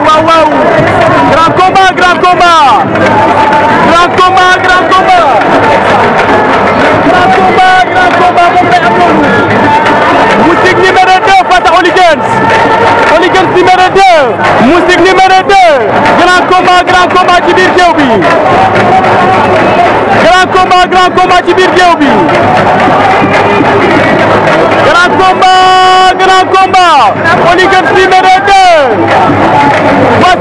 waaw grand combat grand combat grand combat grand combat grand combat grand combat moom day am loolu Moustique grand combat grand combat ci biir grand combat grand combat ci biir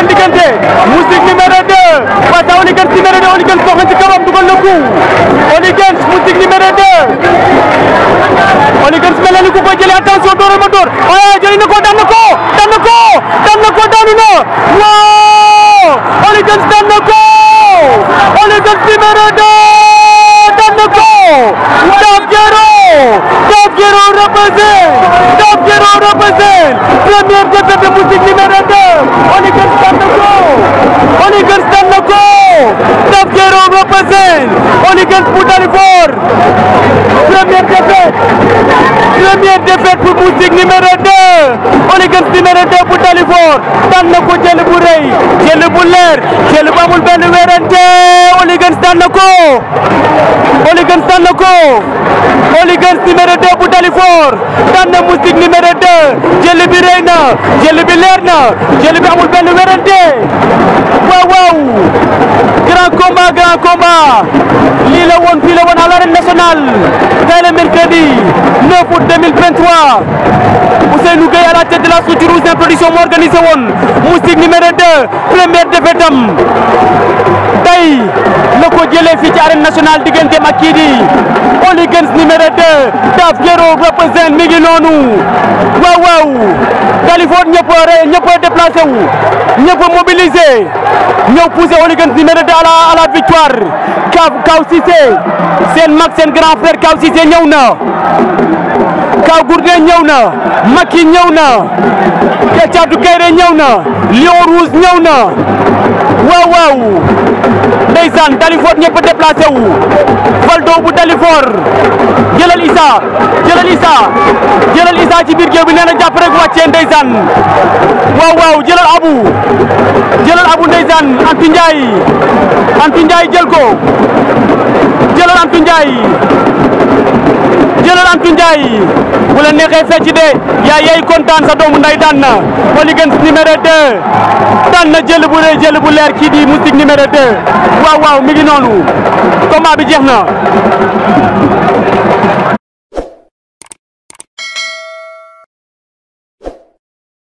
seen diggante Moustique numéro 2 face à Only Guns numéro 2 Only Guns dox na ci kawam dugal na coup Only Guns Moustique numéro 2 Only Guns mel na ni ku ko jëlee attention door ma door waaye jëlee na ko daan na ko daan na ko daan na ko daanu na waaw Only Guns daan na ko Only Guns numéro 2 daan na ko Dame Guiro Dame Guiro repasé diggante bu Dalifort première défaite première défaite pour Moustique numéro 2 Oligans numéro 2 bu Dalifort daan na ko jël bu rëy jël bu leer jël bu amul benn wérante Oligans daan na ko Oligans daan na ko Oligans numéro 2 bu Dalifort daan na Moustique numéro 2 jël bi rëy na jël bi leer na jël bi amul benn wérante waaw waaw grand combat grand combat l'arène nationale dès le mercredi 9 août 2023 a Gueye à de la structure Ouzin Production moo organisé woon Moustique numéro 2 première défaite am tey la ko jëlee fii ak kii di Oli Gens Daf Gero représente mi ngi noonu waaw rey ñëpp a déplacé wu ñëpp a mobilisé ñëw à la à Kaw Kaw Cissé seen mag seen grand frère Kaw Cissé ñëw na. Kaw Gourdin ñëw na Maki ñëw na Caatu Kayre ñëw na Lion Rouge ñëw na waaw waaw ndeysaan Dalifort ñëpp a déplacé wu Valdo bu Dalifort jëlal Issa jëlal combat ci biir bi nee na jàpp rek wàccee ndeysaan waaw waaw jëlal abu jëlal abu ndeysaan Antu Njaay Antu Njaay jël ko jëlal Antu Njaay jëlal Antu Njaay bu la fecc de yaay kontaan sa doomu nday daan na Polygone numéro 2 daan na jël bu rëy jël bu leer kii di Moustique numéro 2 waaw waaw mi noonu combat bi jeex na